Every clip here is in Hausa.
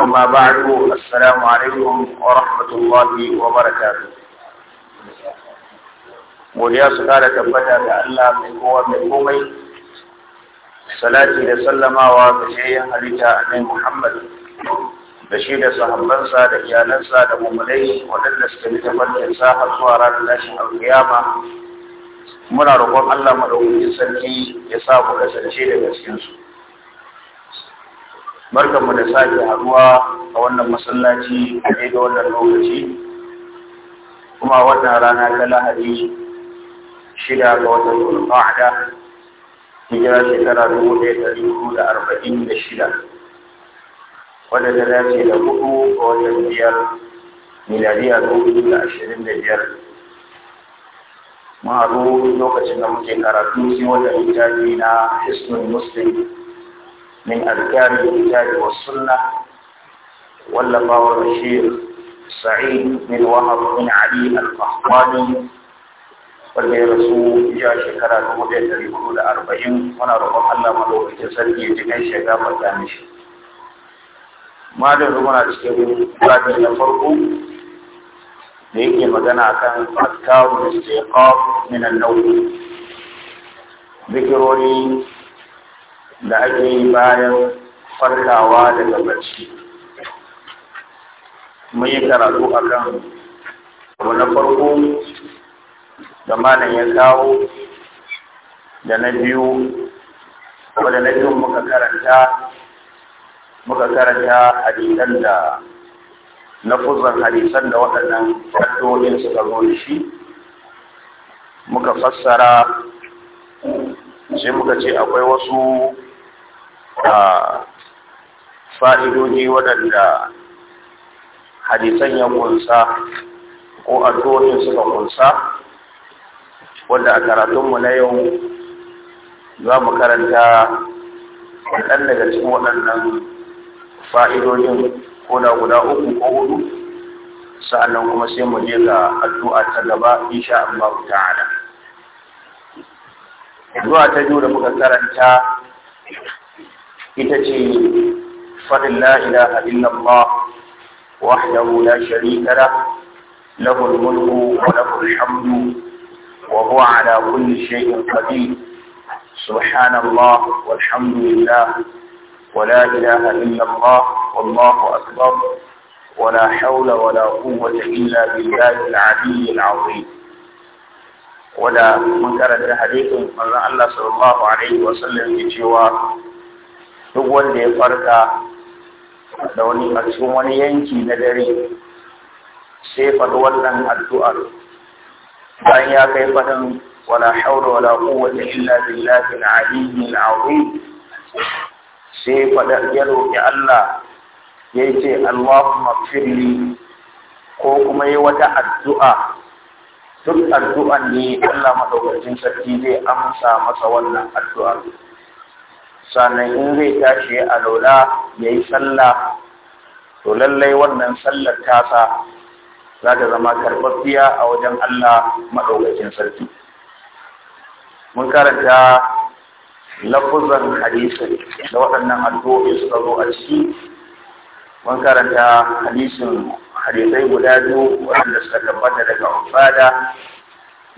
أما asalamu alaikum عليكم ورحمة الله وبركاته godiya su kara tabbata ga Allah mai kowa mai komai salati da sallamawa ga shayyan halitta annabi Muhammad da shi da sahabbansa da iyalansa da mumulai waɗanda suka bi tafarkin sa har zuwa ranar tashin alƙiyama muna roƙon Allah madaukakin sarki ya sa mu kasance daga cikin mu da sake haduwa a wannan masallaci a da wannan lokaci kuma wannan rana ta lahadi shida ga watan zulqa'da hijira shekara dubu ɗaya da dubu da arba'in da shida wadda ta dace da hudu ga watan biyar miladiya dubu da ashirin da biyar mun haɗu lokacin da muke karatu sai wata littafi na hisnul muslim من أذكار الكتاب والسنة واللقاء البشير سعيد بن وهب بن علي القحطاني wanda ya rasu ya shekara dubu ɗaya ɗari hudu da arba'in muna roƙon Allah madaukakin sarki ya ji kan shiga mata mishi. Malin muna cikin babin na farko da yake magana akan askaru da da ake yi bayan farkawa daga bacci mun yi karatu akan abu na farko da malam ya kawo da na biyu kuma da na biyu muka karanta muka karanta hadisan da na kuzan hadisan da waɗannan addu'o'in suka zo da shi muka fassara sai muka ce akwai wasu a fa'idoji waɗanda hadisan ya kunsa ko addu'o'in suka kunsa wanda a karatunmu na yau za mu karanta waɗanda daga cikin waɗannan fa'idojin ko da guda uku ko hudu sa'annan kuma sai mu je ga addu'a ta gaba amma ku ta'ada. addu'a ta biyu da muka karanta ita ce faɗin la ilaha illallah wahdahu la sharika la lahu mulku wa lahu alhamdu wa huwa ala kulli shay'in qadir subhanallah walhamdulillah wa la ilaha illallah wallahu akbar ولا حول ولا قوة إلا بالله العلي العظيم ولا منكر الحديث من الله صلى الله عليه وسلم في جوار duk wanda ya farka da wani a cikin wani yanki na dare sai faɗi wannan addu'ar bayan ya kai faɗin wala haula wala quwwata illa billahi al-aliyyil azim sai faɗa ya roƙi Allah ya ce Allahumma firli ko kuma yi wata addu'a duk addu'an ne Allah madaukakin sarki zai amsa masa wannan addu'a sannan in zai tashi a lola ya yi sallah to lallai wannan sallar tasa za ta zama karɓaɓɓiya a wajen Allah maɗaukakin sarki. Mun karanta lafuzan hadisin da waɗannan addu'o'i suka zo a ciki, mun karanta hadisin hadisai guda biyu waɗanda suka tabbata daga Ufada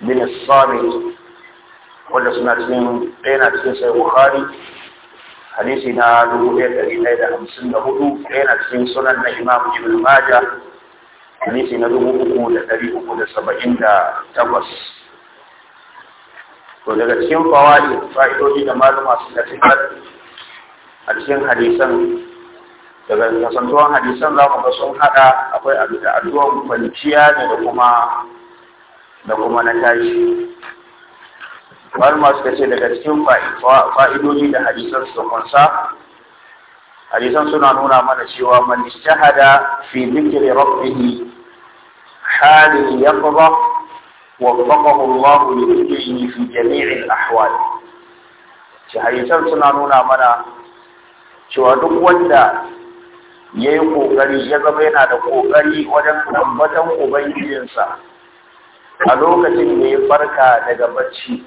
bin Samit wanda suna cikin ɗaya na cikin sai Bukhari hadisi na dubu ɗaya ɗari ɗaya da hamsin da hudu ɗaya na cikin sunan na imam ibn maja hadisi na dubu uku da ɗari uku da saba'in da takwas to daga cikin fawali fa'idodi da malama suka fitar a cikin hadisan daga kasantuwan hadisan za mu ga sun haɗa akwai addu'ar kwanciya ne da kuma da kuma na tashi malama suka ce daga cikin fa'idoji da hadisan su kunsa hadisan suna nuna mana cewa man shahada fi dhikri rabbih halin yaqdha وفقه fi jami'i al-ahwal shi hadisan suna nuna mana cewa duk wanda yayi yi ƙoƙari ya zama yana da ƙoƙari wajen ambatan ubangijinsa a lokacin da ya farka daga bacci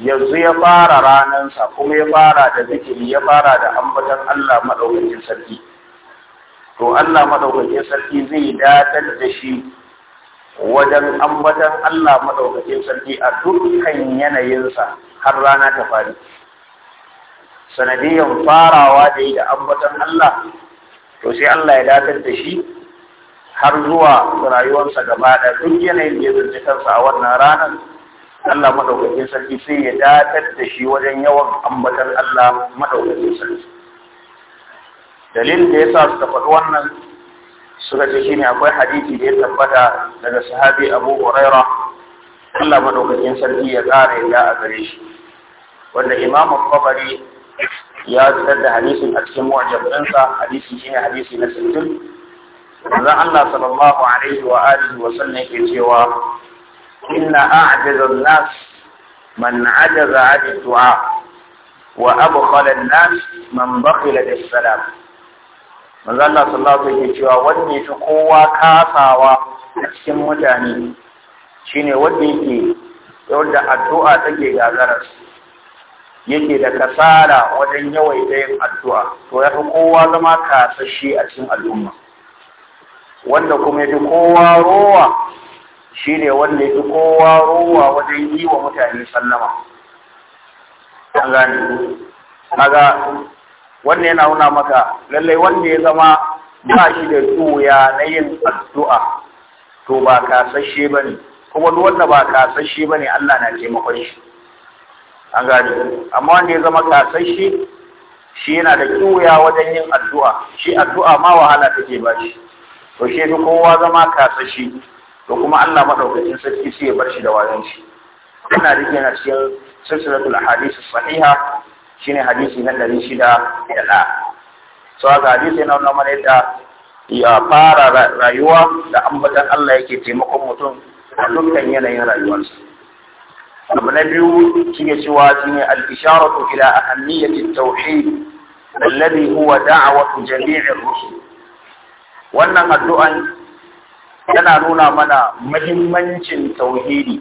yanzu ya fara ranansa kuma ya fara da zikiri ya fara da ambatan Allah maɗaukacin sarki to Allah maɗaukacin sarki zai datar da shi wajen ambatan Allah maɗaukacin sarki a dukkan yanayinsa har rana ta fari sanadiyan farawa da yi da ambatan Allah to sai Allah ya datar da shi har zuwa rayuwarsa gaba da duk yanayin da ya zanci a wannan ranar Allah madaukakin sarki sai ya datar da shi wajen yawan ambatar Allah madaukakin sarki dalilin da yasa suka faɗi wannan suka ce shine akwai hadisi da ya tabbata daga sahabi Abu Huraira Allah madaukakin sarki ya kare ya a gare shi wanda Imam Bukhari ya fitar da hadisin a cikin mu'jabinsa hadisi shine hadisi na 60 Allah sallallahu alaihi wa alihi wa sallam ke cewa إن أعجز الناس wa abu عن الدعاء وأبخل bakwai da بخل بالسلام manzo Allah sallallahu alaihi wasallam cewa wanda yake kowa kasawa a cikin mutane shine wanda yake wanda addu'a take gagararsu. yake da kasara wajen yawaita yin addu'a to ya fi kowa zama kasashe a cikin al'umma wanda kuma ya fi kowa rowa Shi ne wanda yake kowa ruwa wajen yi wa mutane sallama an gane kaga wannan yana nuna maka lallai wanda ya zama ba shi da tsoya na yin addu'a to ba kasashe ba ne kuma duk wanda ba kasashe ba ne Allah na taimakon shi an gane amma wanda ya zama kasashe shi yana da tsoya wajen yin addu'a shi addu'a ma wahala take ba shi to shi kowa zama kasashe to kuma Allah madaukakin sarki sai ya bar shi da wayan shi ina rike na cikin silsilatul hadisi sahiha shine hadisi na 600 da so ga hadisi na wannan mana da ya fara rayuwa da ambatan Allah yake taimakon mutum a dukkan yanayin rayuwarsa abu na biyu shine cewa shine al-isharatu ila ahammiyati at-tauhid alladhi huwa da'watu jami'ir rusul wannan addu'an yana nuna mana mahimmancin tauhidi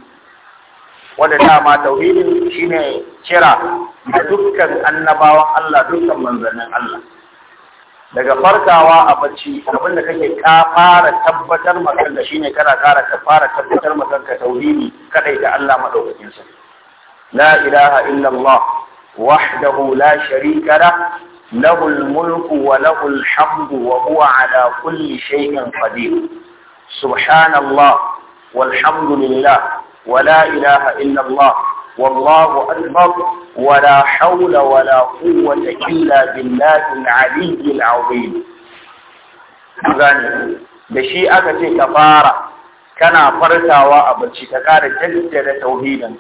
wanda dama tauhidin shine kira da dukkan annabawan Allah dukkan manzannin Allah daga farkawa a bacci abin da kake ka fara tabbatar maka da shine kana kara ka fara tabbatar maka ka tauhidi kadai da Allah madaukakin sa la ilaha illa Allah wahdahu la sharika lah mulku wa lahu al-hamdu wa huwa سبحان الله والحمد لله ولا إله إلا الله والله أكبر ولا حول ولا قوة إلا بالله العلي العظيم gane da shi aka ce ka fara kana fartawa a barci ka kare jaddada tauhidin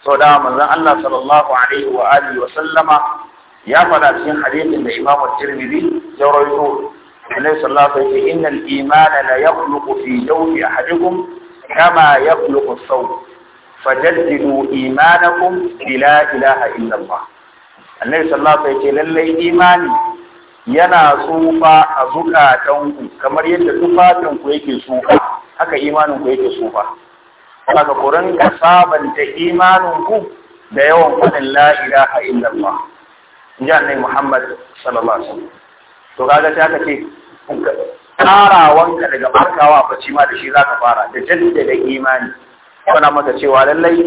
so da manzon Allah sallallahu alaihi wa sallama ya fada cikin hadisin da Imam Tirmidhi ya annabi sallallahu alaihi wasallam innal imana la yakhluqu fi jawfi ahadikum kama yakhluqu as-sawm fajaddidu imanakum bila ilaha illa Allah annabi sallallahu alaihi wasallam lallai imani yana tsufa a ku kamar yadda tufafinku yake tsufa haka imaninku yake tsufa haka ku ka sabanta imaninku da yawan faɗin la ilaha illallah inji annabi Muhammad sallallahu alaihi wasallam to ta sai aka ce karawanka daga barkawa bacci ma da shi zaka fara da jaddada imani kana maka cewa lallai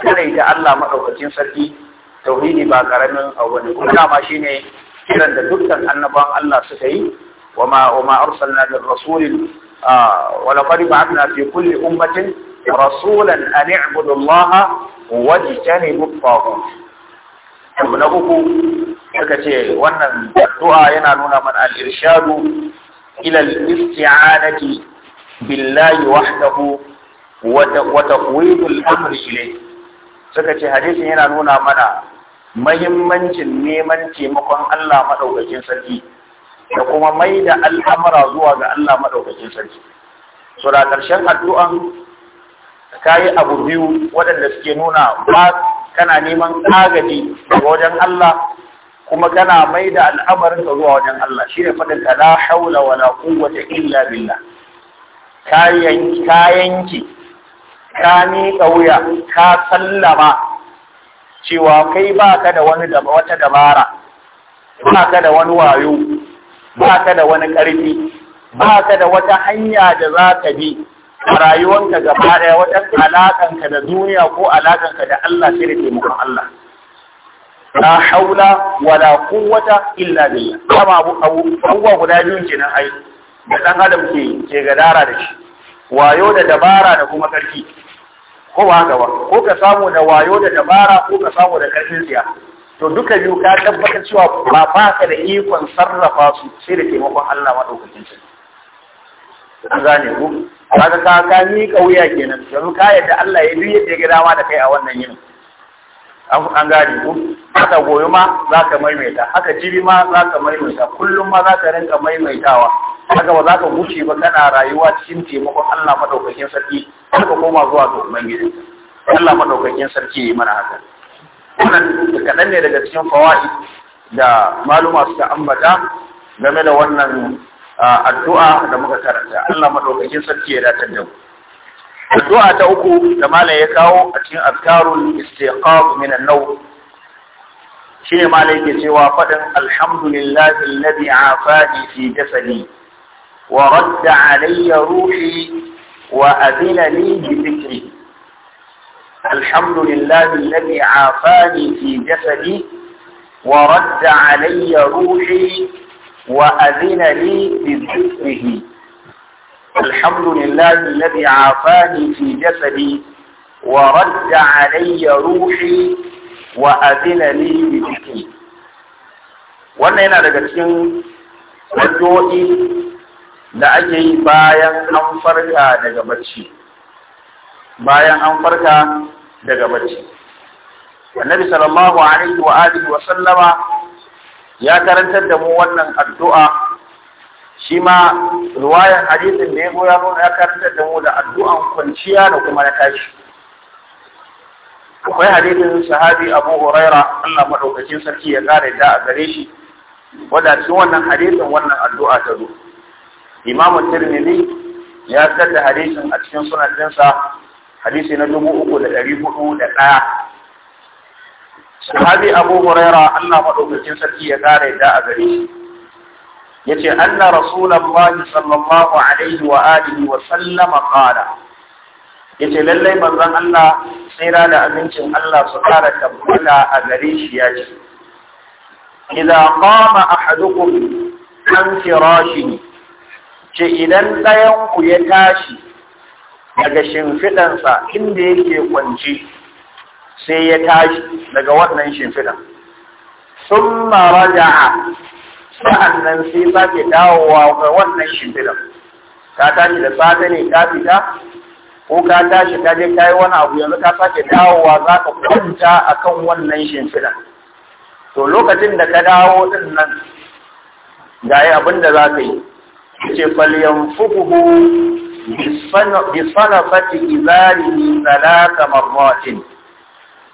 kare da Allah madaukakin sarki tauhidi ba karamin abu ne kuma dama shine kiran da dukkan annaban Allah suka yi wama wama arsalna min rasulin wa laqad ba'athna fi kulli ummatin rasulan an i'budu Allah wa tajtanibu at abu na uku suka ce wannan addu'a yana nuna mana al-irshadu ila al-isti'anati billahi wahdahu wa taqwidul amri ilayhi suka ce hadisin yana nuna mana mahimmancin neman taimakon Allah madaukakin sarki da kuma mai da al'amura zuwa ga Allah madaukakin sarki so da karshen addu'an kayi abu biyu waɗanda suke nuna ba kana neman agaji daga wajen Allah kuma kana mai da al'amarin ka zuwa wajen Allah shi ne faɗin ka la haula wa la quwwata illa billa ka yanki ka yanki wuya ka sallama cewa kai ba ka da wani da wata dabara Ba ka da wani wayo Ba ka da wani ƙarfi Ba ka da wata hanya da za ka bi a rayuwarka gaba ɗaya wajen alaƙanka da duniya ko alaƙanka da Allah shi ne taimakon Allah. La haula wala quwwata illa billah. Kama abu abubuwa guda biyun kenan ai da ɗan adam ke ke gadara da shi. Wayo da dabara da kuma ƙarfi. Ko ba haka ba, ko ka samu da wayo da dabara ko ka samu da ƙarfin siya. To duka biyu ka tabbatar cewa ba ba ka da ikon sarrafa su sai da taimakon Allah maɗaukakin sarki. an zane ku kaga ka ka ni kauya kenan domin ka yadda Allah ya duk yadda ya dama da kai a wannan yinin an gane ku haka goyi ma za ka maimaita haka jibi ma za ka maimaita kullum ma za ka rinka maimaitawa haka ba za ka wuce ba kana rayuwa cikin taimakon Allah madaukakin sarki har ka koma zuwa ga ubangiji Allah madaukakin sarki ya mana haka wannan kaɗan ne daga cikin fawai da maluma suka ambata game da wannan addu'a da muka karanta Allah madaukakin sarki ya datar da mu addu'a ta uku da malam ya kawo a cikin azkarul istiqab min an-naw shine malam yake cewa fadin alhamdulillahi alladhi afani fi jasadi wa radda alayya ruhi wa adina li bi dhikri alhamdulillahi alladhi afani fi jasadi ورد علي روحي وأذن لي بذكره الحمد لله الذي عافاني في جسدي ورد علي روحي وأذن لي بذكري wannan yana daga cikin addu'o'i da ake yi bayan an farka daga bacci bayan an farka daga bacci annabi sallallahu alaihi wa alihi wa sallama ya karantar da mu wannan addu'a shi ma ruwayan hadisin da ya goya mana ya karantar da mu da addu'an kwanciya da kuma na tashi akwai hadisin sahabi Abu Huraira Allah maɗaukacin sarki ya kare da a gare shi wanda cikin wannan hadisin wannan addu'a ta zo imamu Tirmidhi ya saka hadisin a cikin sunan dinsa hadisi na dubu uku da da ɗaya. sahabi abu huraira Allah madaukakin sarki ya kare da a gare shi yace anna rasulullahi sallallahu alaihi wa alihi wa sallama qala yace lalle manzon Allah tsira da amincin Allah su kara tabbata a gare shi yace idza qama ahadukum an firashihi ce idan ɗayanku ku ya tashi daga shimfiɗansa inda yake kwance sai ya tashi daga wannan shimfiɗan sun maraja sa'annan sai sake dawowa ga wannan shimfiɗan ka tashi da safe ne ka fita ko ka tashi ta je kayi wani abu yanzu ka sake dawowa za ka kwanta akan wannan shimfiɗan to lokacin da ka dawo din nan ga yi abin da za ka yi ce falyan fukuhu bisana fati izari salata marmatin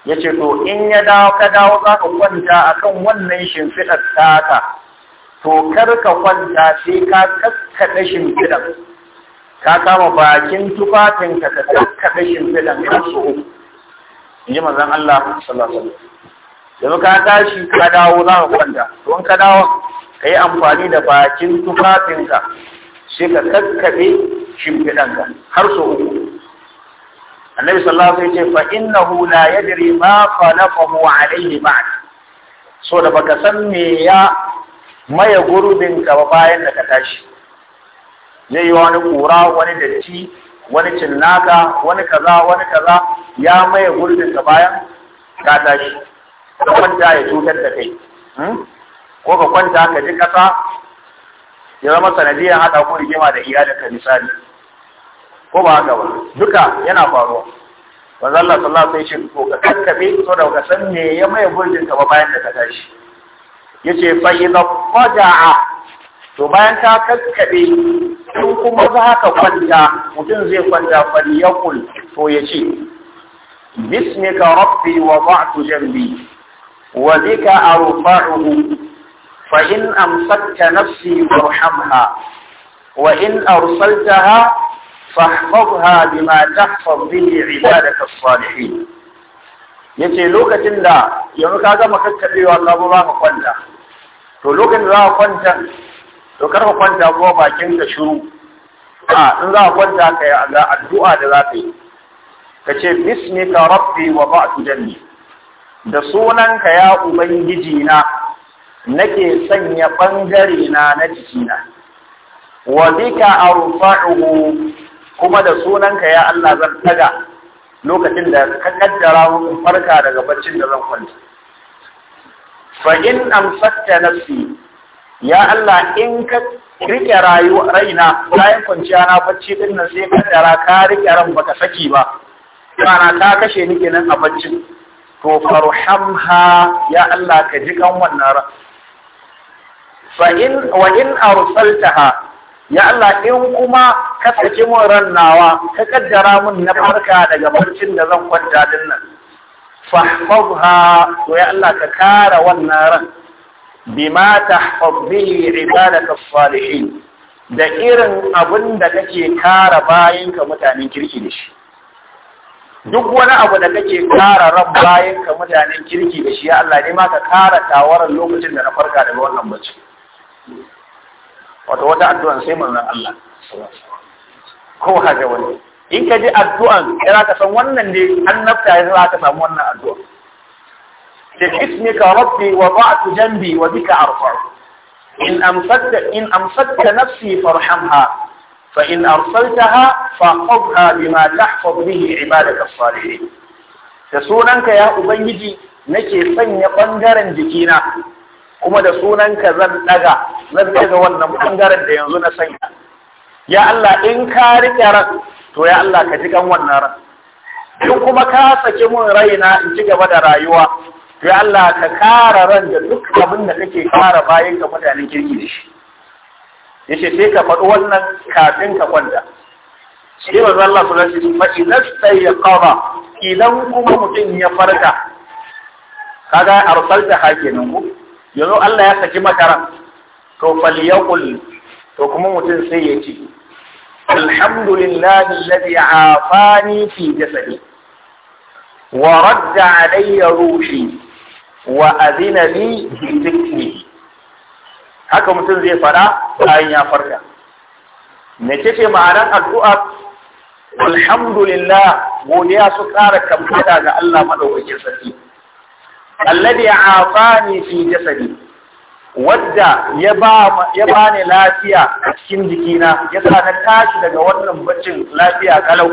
ya ce to in ya dawo ka dawo za ka kwanta a kan wannan shimfiɗar taka to kar ka kwanta sai ka kakkaɗe shimfiɗar ka kama bakin tufafinka ka kakkaɗe shimfiɗar ya so uku in ji mazan Allah sallallahu alaihi wasallam yanzu ka tashi ka dawo za ka kwanta to in ka dawo ka yi amfani da bakin tufafinka sai ka kakkaɗe ka har so uku annabi sallallahu alaihi wasallam ya ce fa innahu la yadri ma khalaqahu alaihi ba'd so da baka san me ya maye gurbin ka ba bayan da ka tashi zai yi wani kura wani datti wani cinnaka wani kaza wani kaza ya maye gurbin ka bayan ka tashi ka kwanta ya cutar da kai hmm? ko ka kwanta ka ji kasa ya zama sanadiyar haɗa ko rigima da iyalinka misali ko ba haka ba duka yana faruwa manzo Allah sallallahu alaihi wasallam ko ka kakkabe so da ka san me ya mai burjin ka ba bayan da ka tashi yace fa idza qada'a to bayan ta kakkabe in kuma za ka kwanta mutum zai kwanta falyakul to yace باسمك ربي وضعت جنبي وبك أرفعه nafsi أمسكت نفسي فارحمها وإن أرسلتها فاحفظها بما تحفظ به عبادك الصالحين yace lokacin da yanzu ka gama kakkabewa ka zo za ka kwanta to lokacin da za ka kwanta to kar ka kwanta kuma bakin ka shiru a in za ka kwanta ka yi addu'a da za ka yi ka ce bismika rabbi wa ba'tu janni da sunanka ya ubangiji na nake sanya bangare na na jikina wa bika arfa'uhu kuma da sunanka ya Allah zan taga lokacin da ka kaddara mun farka daga baccin da zan kwanta fa in amsakta nafsi ya Allah in ka rike rayu raina bayan kwanciya na bacci din nan sai dara ka rike ran baka saki ba kana ka kashe ni kenan a bacci to farhamha ya Allah ka ji kan wannan ran fa in wa in arsaltaha ya Allah in kuma ka saki mun ran nawa ka kaddara mun na farka daga barcin da zan kwanta din nan fahfazha to ya Allah ka kara wannan ran bima tahfaz bihi ibadaka salihin da irin abin da kake kara bayan ka mutanen kirki da shi duk wani abu da kake kara ran bayan ka mutanen kirki da shi ya Allah ne ma ka kara tawaran lokacin da na farka daga wannan barci wato wata addu'an sai manzon Allah ko haka wani in ka ji addu'an ya ka san wannan ne annabta ya za ka samu wannan addu'a da ismika rabbi wa ba'tu janbi wa bika arfa'u in amsakta in amsakta nafsi farhamha فإن أرسلتها فاحفظها بما تحفظ به عبادك الصالحين da sunanka ya ubangiji nake sanya ɓangaren jikina kuma da sunanka zan daga zan daga wannan bangaren da yanzu na sanya ya Allah in ka rike ran to ya Allah ka ji kan wannan ran in kuma ka saki mun raina in ci gaba da rayuwa to ya Allah ka kara ran da duk abin da kake kara bayan ka mutanen kirki da shi yace sai ka faɗi wannan kafin ka kwanta sai manzo Allah sallallahu alaihi wasallam fa idan stayqara idan kuma mutum ya farka kaga arsalta hakinan ku yanzu Allah ya saki makaran to falyaqul to kuma mutum sai ya ce alhamdulillahi alladhi afani fi jasadi wa radda alayya ruhi wa adina li dhikri haka mutum zai fara bayan ya farka me ce ma'anar addu'a alhamdulillah godiya su ƙara kamfada ga Allah madaukakin sarki alladhi afani fi jasadi wadda ya ba ya bani lafiya a cikin jikina ya sa na tashi daga wannan baccin lafiya kalau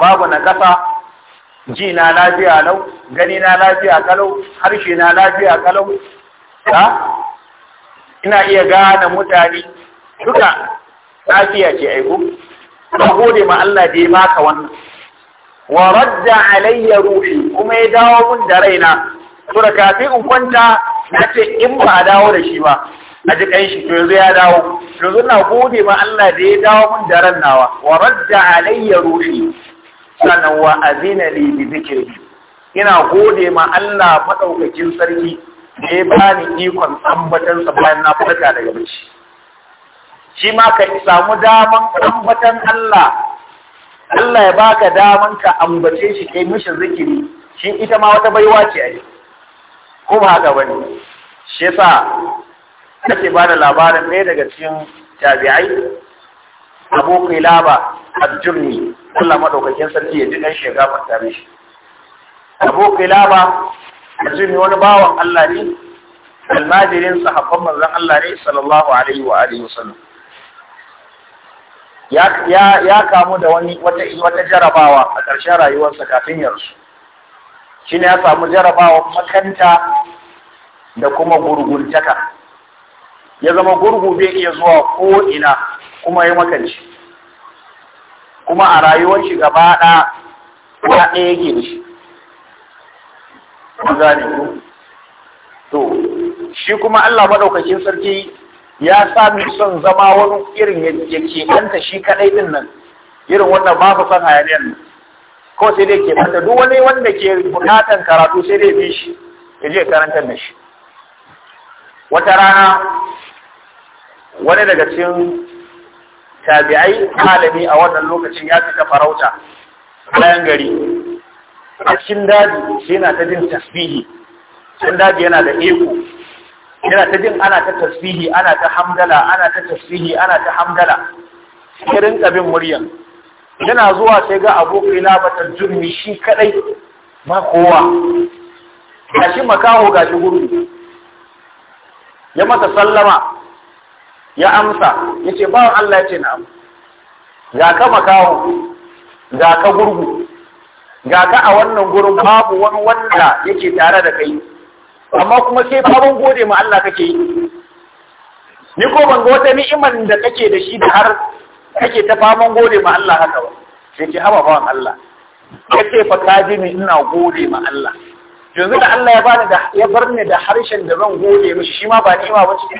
babu na kasa ji na lafiya lau gani na lafiya kalau harshe na lafiya kalau ina iya gane mutane duka lafiya ce aiko ka gode ma Allah da ya baka wannan wa radda alayya ruhi kuma ya dawo mun da raina to da kafin in kwanta na ce in ba a dawo da shi ba a kan shi to yanzu ya dawo yanzu na gode ma Allah da ya dawo mun da ran nawa wa radda alayya ruhi sannan wa azina li bi zikri ina gode ma Allah madaukakin sarki da ya bani ikon ambatansa bayan na farka daga bacci shi ma ka samu daman ambatan Allah Allah ya baka daman ka ambace shi kai mishi zikiri shi ita ma wata baiwa ce ai ko ba haka bane shi yasa nake ba da labarin ɗaya daga cikin tabi'ai Abu Qilaba al-Jurmi Allah madaukakin sarki ya ji dan shiga fata mishi Abu Qilaba al-Jurmi wani bawan Allah ne almajirin sahabban manzon Allah ne sallallahu alaihi wa alihi wasallam ya kamu da wani wata jarabawa a ƙarshen rayuwarsa kafin ya rasu shi ne ya samu jarabawa makanta da kuma gurguntaka ya zama gurgu bai iya zuwa ko ina kuma ya makanci kuma a rayuwar shi gaba ɗaya ɗaya yake da shi to shi kuma Allah madaukakin sarki ya sami son zama wani irin ya keɓanta shi kadai din nan irin wannan babu son hayaniyar nan ko sai dai keɓanta duk wani wanda ke bukatan karatu sai dai bi shi ya je karanta da shi wata rana wani daga cikin tabi'ai malami a wannan lokacin ya fita farauta bayan gari a cikin daji sai yana ta jin tasbihi cikin daji yana da eko yana ta jin ana ta tasbihi ana ta hamdala ana ta tasbihi ana ta hamdala kirin kabin muryan yana zuwa sai ga abokai labatar jurmi shi kadai ba kowa shi makaho gashi gurbi ya mata sallama ya amsa ya ce bawan Allah ya ce na na'am ga ka makaho ga ka gurgu ga ka a wannan gurin babu wani wanda yake tare da kai amma kuma sai faman gode ma Allah kake yi ni ko ban ga wata ni'imar da kake da shi da har kake ta faman gode ma Allah haka ba sai ki haba bawan Allah kace fa ka ji ni ina gode ma Allah yanzu da Allah ya bani da ya bar ni da harshen da zan gode mishi shi ma ba ni'ima ba ce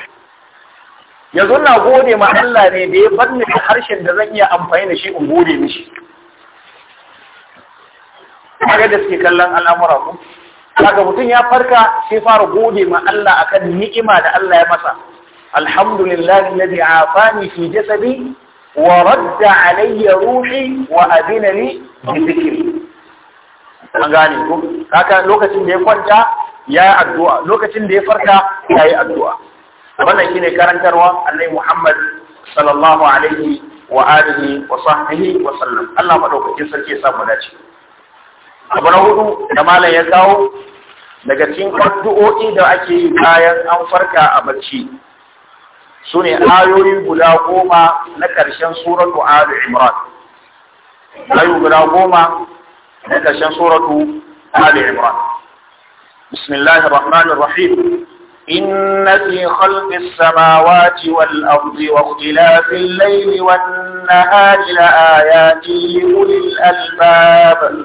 yanzu na gode ma Allah ne da ya bar ni da harshen da zan iya amfani da shi in gode mishi kaga da suke kallon al'amura ku kaga mutum ya farka sai fara gode ma Allah akan ni'ima da Allah ya masa alhamdulillahi alladhi afani fi jasadi wa radda alayya ruhi wa adina li bi dhikri an gane ko kaga lokacin da ya kwanta ya yi addu'a lokacin da ya farka ya yi addu'a wannan shine karantarwa Annabi Muhammad sallallahu alaihi wa alihi wa sahbihi wa sallam Allah madaukakin sarki ya samu dace abu na hudu da malam ya kawo daga cikin addu'o'i da ake yi bayan an farka a bacci su ne ayoyi guda goma na ƙarshen suratu Ali Imran. Ayoyi guda goma na ƙarshen suratu Ali Imran. Bismillahir Rahmanir Rahim. إن في خلق السماوات والأرض واختلاف الليل والنهار لآيات لأولي الألباب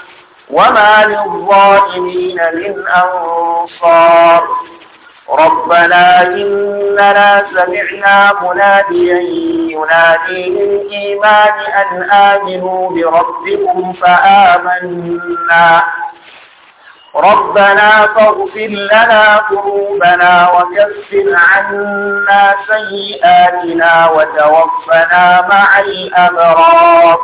وما للظالمين من أنصار ربنا إننا سمعنا مناديا ينادي للإيمان أن آمنوا بربكم فآمنا ربنا فاغفر لنا ذنوبنا وكفر عنا سيئاتنا وتوفنا مع الأبرار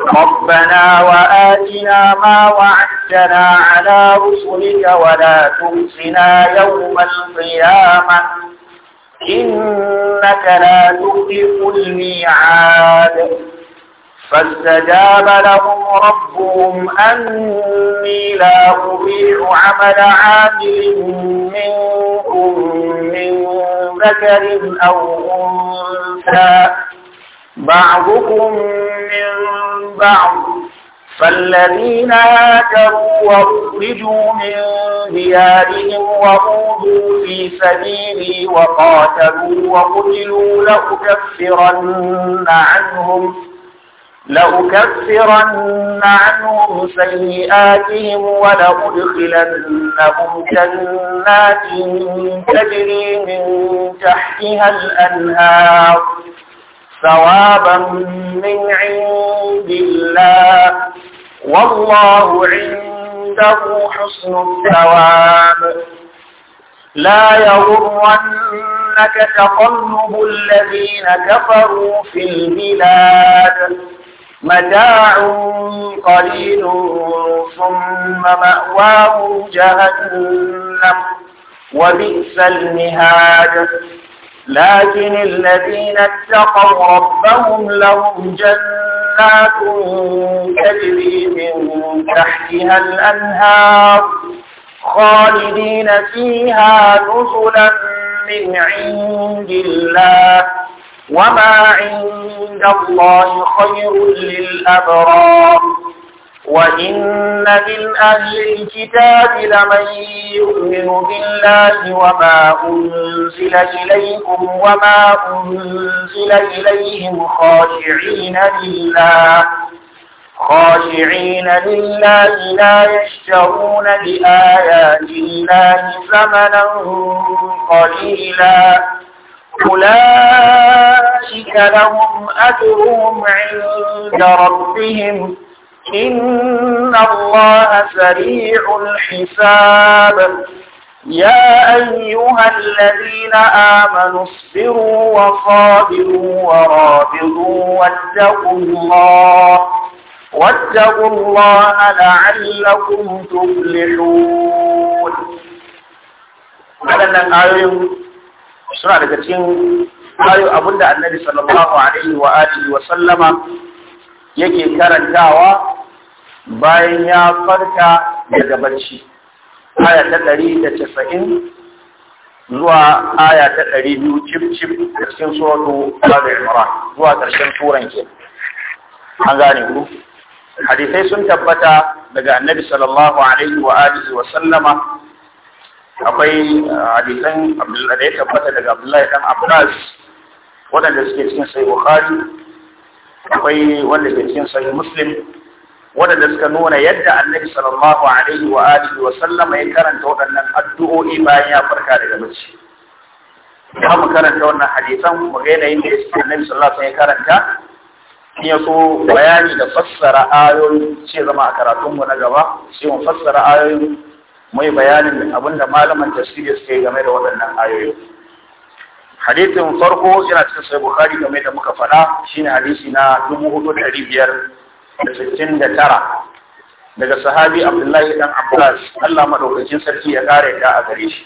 ربنا وآتنا ما وعدتنا على رسلك ولا تنسنا يوم القيامة إنك لا تخلف الميعاد فاستجاب لهم ربهم أني لا أضيع عمل عامل منكم من ذكر أو أنثى بعضكم من بعض فالذين هاجروا وأخرجوا من ديارهم وأوذوا في سبيلي وقاتلوا وقتلوا لأكفرن عنهم لأكفرن عنهم سيئاتهم ولأدخلنهم جنات تجري من تحتها الأنهار ثوابا من عند الله والله عنده حسن الثواب لا يغرنك تقلب الذين كفروا في البلاد متاع قليل ثم مأواه جهنم وبئس المهاد لكن الذين اتقوا ربهم لهم جنات تجري من تحتها الأنهار خالدين فيها نزلا من عند الله وما عند الله خير للأبرار وإن من أهل الكتاب لمن يؤمن بالله وما أنزل إليكم وما أنزل إليهم خاشعين لله خاشعين لله لا يشترون بآيات الله ثمنا قليلا أولئك لهم أجرهم عند ربهم إن الله سريع الحساب يا أيها الذين آمنوا اصبروا وصابروا ورابضوا واتقوا الله واتقوا الله لعلكم تفلحون أنا أعلم سورة الكتين أي أن النبي صلى الله عليه وآله وسلم يجي كرن دعوة bayan ya farka daga bacci aya ta ɗari da casa'in zuwa aya ta ɗari biyu cif-cif da cikin ba da yamara zuwa ƙarshen turan ke. An gane ku? Hadisai sun tabbata daga annabi sallallahu alaihi wa alihi wa sallama akwai uh, hadisan da ya tabbata daga Abdullahi dan Abbas waɗanda suke cikin sai Bukhari akwai wanda ke cikin sai Muslim waɗanda suka nuna yadda annabi sallallahu alaihi wa alihi wa sallama ya karanta waɗannan addu'o'i bayan ya farka daga bacci za mu karanta wannan hadisan mu ga yanayin da annabi sallallahu alaihi ya karanta in ya bayani da fassara ayoyi ce zama a karatun mu na gaba sai mu fassara ayoyin mu yi bayanin abinda malaman tafsiri suke game da waɗannan ayoyi hadisin farko yana cikin sai bukhari game da muka faɗa shine hadisi na dubu hudu ɗari biyar da sittin da tara daga sahabi Abdullahi dan Abbas Allah madaukakin sarki ya kare ta a gare shi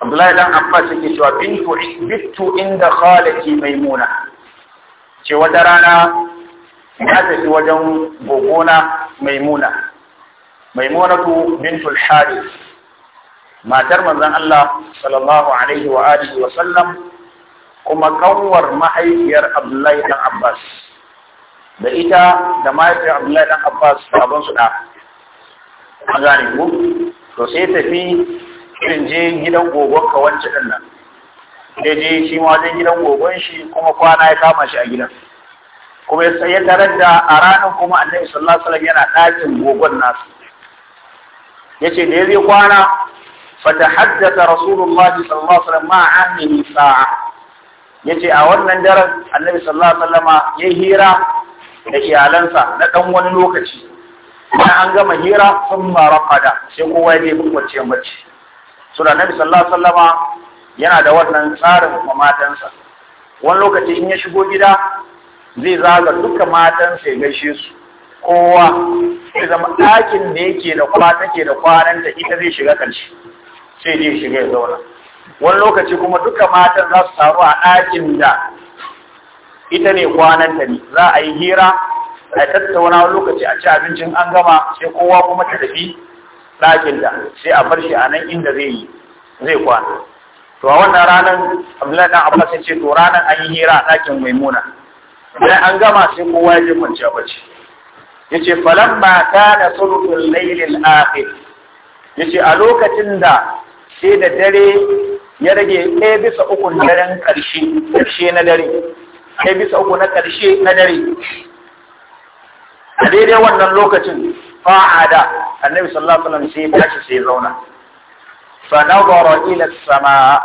Abdullahi dan Abbas yake cewa bintu bittu inda khalati maimuna ce da rana ya tafi wajen gogona maimuna maimunatu bintu al matar manzon Allah sallallahu alaihi wa alihi wa sallam kuma kawar mahaifiyar Abdullahi dan Abbas da ita da mahaifiyar abdullahi dan abbas abin su da an gane ku to sai tafi irin je gidan gogon ka wancan din nan sai je shi ma wajen gidan gogon shi kuma kwana ya kama shi a gidan kuma sai ya tarar da a ranar kuma annabi sallallahu alaihi wasallam yana ɗakin gogon nasu yace da ya zai kwana فتحدث ta الله صلى الله عليه وسلم sa'a. عمه ساعة yace a wannan daren annabi sallallahu alaihi wasallama ya hira da iyalansa na ɗan wani lokaci bayan an gama hira sun mara fada sai kowa ya je kwanciya mace sura nabi sallallahu alaihi yana da wannan tsarin ma matansa wani lokaci in ya shigo gida zai zaga duka matansa ya gaishe su kowa sai zama ɗakin da yake da kwa take da kwanan da ita zai shiga ƙarshe sai dai shiga ya zauna wani lokaci kuma duka matan za su taru a ɗakin da ita ne ta ne za a yi hira a tattauna lokaci a ci abincin an gama sai kowa kuma ta tafi ɗakin da sai a bar shi a nan inda zai yi zai kwana to a wannan ranar abdullahi dan abbas ya ce to ranar an yi hira a ɗakin maimuna idan an gama sai kowa ya je kwanciya bacci yace falamma kana sulhul laylil akhir ce a lokacin da sai da dare ya rage ɗaya bisa ukun daren ƙarshe ƙarshe na dare ɗaya bisa uku na ƙarshe na dare a daidai wannan lokacin fa'ada annabi sallallahu alaihi wasallam sai ya tashi sai ya zauna fa nazara ila sama.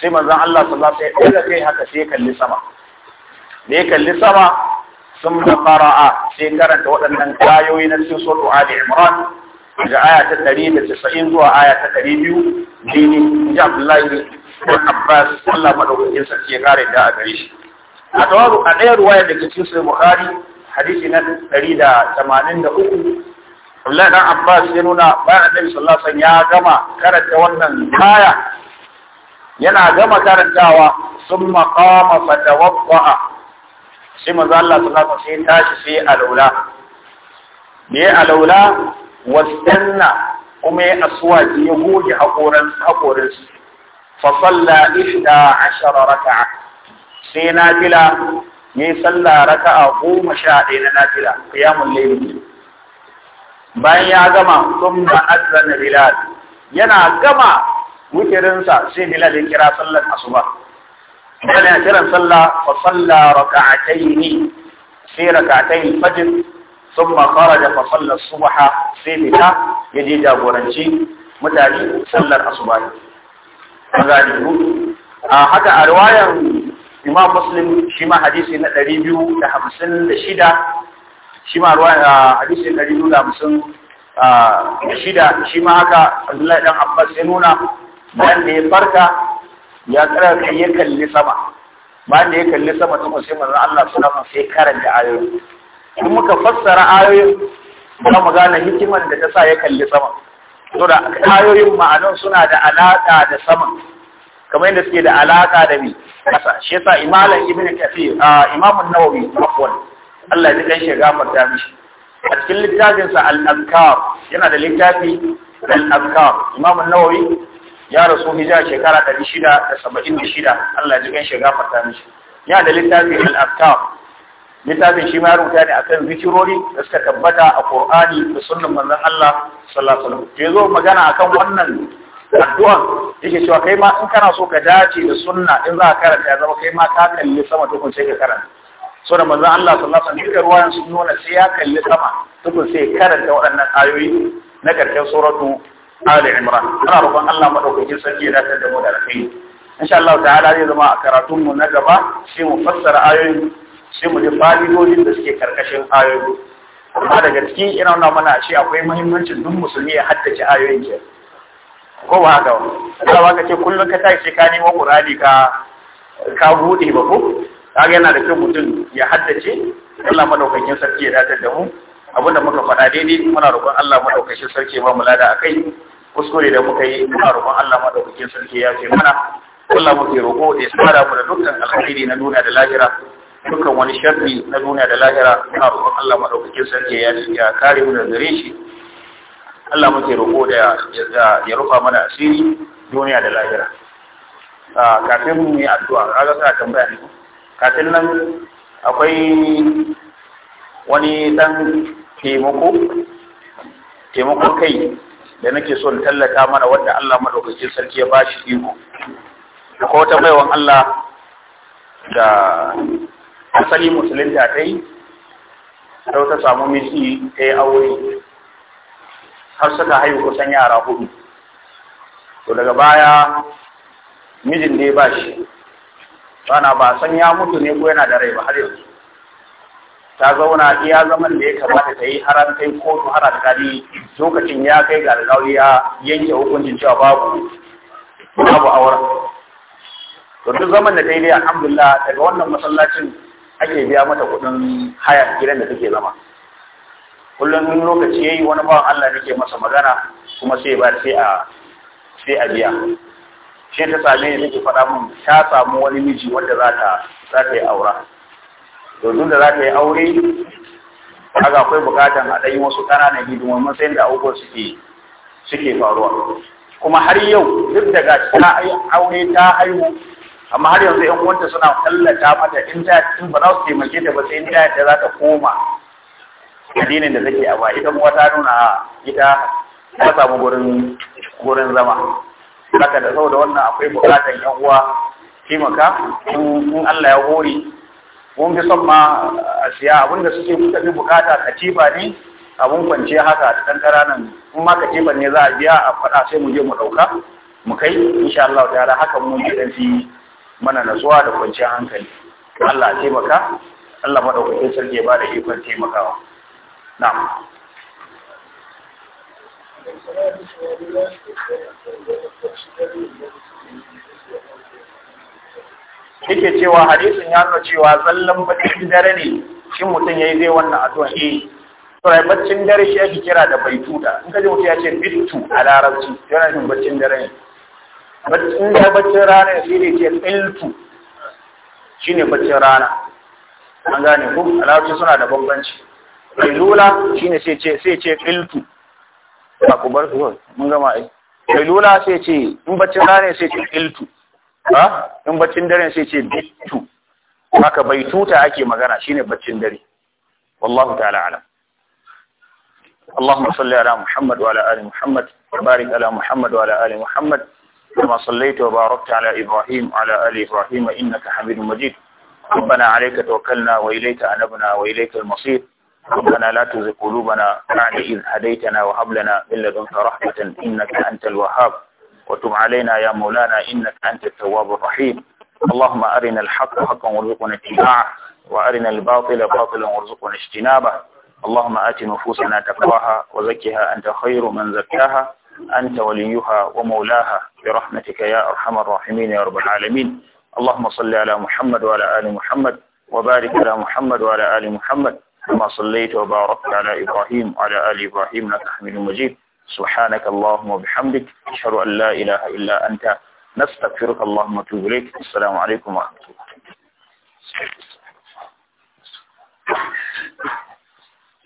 sai manzon Allah sallallahu alaihi wasallam sai ya kai haka sai ya kalli sama da kalli sama sun da fara'a sai karanta waɗannan kayoyi na cikin sura Ali Imran daga aya ta ɗari da 190 zuwa aya ta ɗari 200 dini inji Abdullahi Abbas Allah madaukakin sarki ya kare da a gare shi a tawaru a ɗaya ruwaya da ke cikin bukhari hadisi na ɗari da tamanin da uku Abdullahi dan Abbas ya nuna bayan Annabi sallallahu alaihi wasallam ya gama karanta wannan aya yana gama karantawa summa qama fatawaffa sai manzo Allah sallallahu alaihi wasallam sai tashi sai alaula me alaula wastanna kuma ya aswaji ya goge hakoran hakorin fa salla 11 raka'a sai nafila yayi sallah raka'a goma sha ɗaya na nafila qiyamul layl bayan ya gama ba azana bilal yana gama wukirinsa, sai bilal ya kira sallar asuba bilal ya kira sallah fa salla raka'ataini sai raka'atai fajr thumma kharaja fa salla subha sai fita ya je jagoranci mutane sallar asuba ne a haka a riwayan imam muslim shi ma hadisi na 256 shi ma ah, hadisi na 256 ah, shi ma haka Abdullahi dan Abbas ya nuna bayan da ya farka ya tsara kai ya kalli sama bayan da ya kalli sama ta sai manzon Allah sallallahu alaihi wasallam sai karanta ayoyi in muka fassara ayoyin za mu gane hikimar da ta sa ya kalli sama da ayoyin ma'anar suna da alaka da sama kamar yadda suke da alaka da mi kasa shi yasa imalan ibnu kathir a imam an-nawawi afwan Allah ya kai shi gafarta mishi a cikin littafin sa al-azkar yana da littafi al-azkar imam an-nawawi ya rasu hijira shekara 676 Allah ya kai shi gafarta mishi yana da littafi al-azkar littafin shi ma ya rubuta ne akan zikirori da suka tabbata a Qur'ani da sunnan manzon Allah sallallahu alaihi wasallam ke magana akan wannan addu'a yake cewa kai ma in kana so ka dace da sunna in za ka karanta ya zama kai ma ka kalli sama tukun sai ka karanta so da manzon Allah sallallahu alaihi wasallam ruwayan sun nuna sai ya kalli sama tukun sai karanta waɗannan ayoyi na karshen suratu Ali Imran ana roƙon Allah madaukakin sarki ya dace da mu da alkhairi insha Allah ta'ala zai zama a karatun mu na gaba sai mu fassara ayoyin sai mu ji fa'idodin da suke karkashin ayoyi amma daga cikin ina nuna mana ce akwai muhimmancin duk musulmi ya haddace ayoyin kenan ko ba haka ba ba ka ce kullum ka tashi ka nemo kurani ka ka bude ba ko kaga yana da kyau mutum ya haddace Allah madaukakin sarki ya datar da mu abinda muka faɗa daidai muna roƙon Allah madaukakin sarki ba mu lada akai kuskure da muka yi muna roƙon Allah madaukakin sarki ya ce mana Allah muke roƙo ya tsara mu da dukkan alkhairi na duniya da lahira dukkan wani sharri na duniya da lahira muna roƙon Allah madaukakin sarki ya kare mu da gare shi Allah muke roƙo da ya rufa mana asiri duniya da lahira kafin mu yi addu'a kaga sa tambaya ne kafin nan akwai wani dan taimako taimakon kai da nake so tallata mana wanda Allah madaukakin sarki ya ba bashi iko akwai wata baiwan Allah da asali musulunta ta yi sau ta samu miji ta yi aure har suka haihu kusan yara hudu to daga baya mijin da ya ba shi bana ba san ya mutu ne ko yana da rai ba har yanzu ta zauna iya zaman da ya kamata ta yi har an kai kotu har alƙali lokacin ya kai ga alƙawari ya yanke hukuncin cewa babu babu auren to duk zaman da ta yi dai alhamdulillah daga wannan masallacin ake biya mata kuɗin hayar gidan da take zama kullum duk lokaci yayi wani ba Allah yake masa magana kuma sai ba sai a biya shi ta same ne take faɗa min ta samu wani miji wanda za ta za ta yi aura to duk da za ta yi aure kaga akwai bukatan a ɗanyi wasu ƙananan hidimomin sai da abubuwa suke suke faruwa kuma har yau duk da ga ta aure ta haihu amma har yanzu yan uwanta suna tallata mata in ta in ba za su taimake ta ba sai in ta za ta koma addinin da take a ba ita kuma ta nuna ita ta samu gurin gurin zama haka da saboda wannan akwai bukatan yan uwa taimaka in Allah ya hori mun fi son ma a siya abinda suke kuka fi bukata katifa ne abun kwanciya haka da ɗan ƙaranan in ma katifan ne za a biya a faɗa sai mu je mu ɗauka mu kai insha Allah yara hakan mun ji fi mana natsuwa da kwanciyar hankali Allah taimaka Allah madaukakin sarki ya ba da ikon taimakawa نعم yake cewa hadisin ya nuna cewa zallan baccin dare ne shi mutum ya yi zai wannan addu'a eh saboda baccin dare shi ake kira da baituta in ka mutu ya ce bitu a larabci yana nufin baccin dare ne baccin da baccin rana shi ne ce tsiltu shi ne baccin rana an gane ku? a larabci suna da bambanci kailula shine sai ce sai ce qiltu ba ku bar su mun gama ai kailula sai ce in rana sai ce qiltu ha in baccin dare sai ce bitu haka baituta ake magana shine baccin dare wallahu ta'ala alam اللهم صل على محمد وعلى آل محمد وبارك على محمد وعلى آل محمد كما صليت وباركت على إبراهيم وعلى آل إبراهيم إنك حميد مجيد ربنا عليك توكلنا وإليك أنبنا وإليك المصير ربنا لا تزغ قلوبنا بعد إذ هديتنا وهب لنا من لدنك رحمة إنك أنت الوهاب وتب علينا يا مولانا إنك أنت التواب الرحيم اللهم أرنا الحق حقا وارزقنا اتباعه وأرنا الباطل باطلا وارزقنا اجتنابه اللهم آت نفوسنا تقواها وزكها أنت خير من زكاها أنت وليها ومولاها برحمتك يا أرحم الراحمين يا رب العالمين اللهم صل على محمد وعلى آل محمد وبارك على محمد وعلى آل محمد كما صليت وباركت على إبراهيم وعلى آل إبراهيم إنك حميد مجيد سبحانك اللهم وبحمدك أشهد أن لا إله إلا أنت نستغفرك اللهم وأتوب إليك السلام عليكم ورحمة الله Thank you.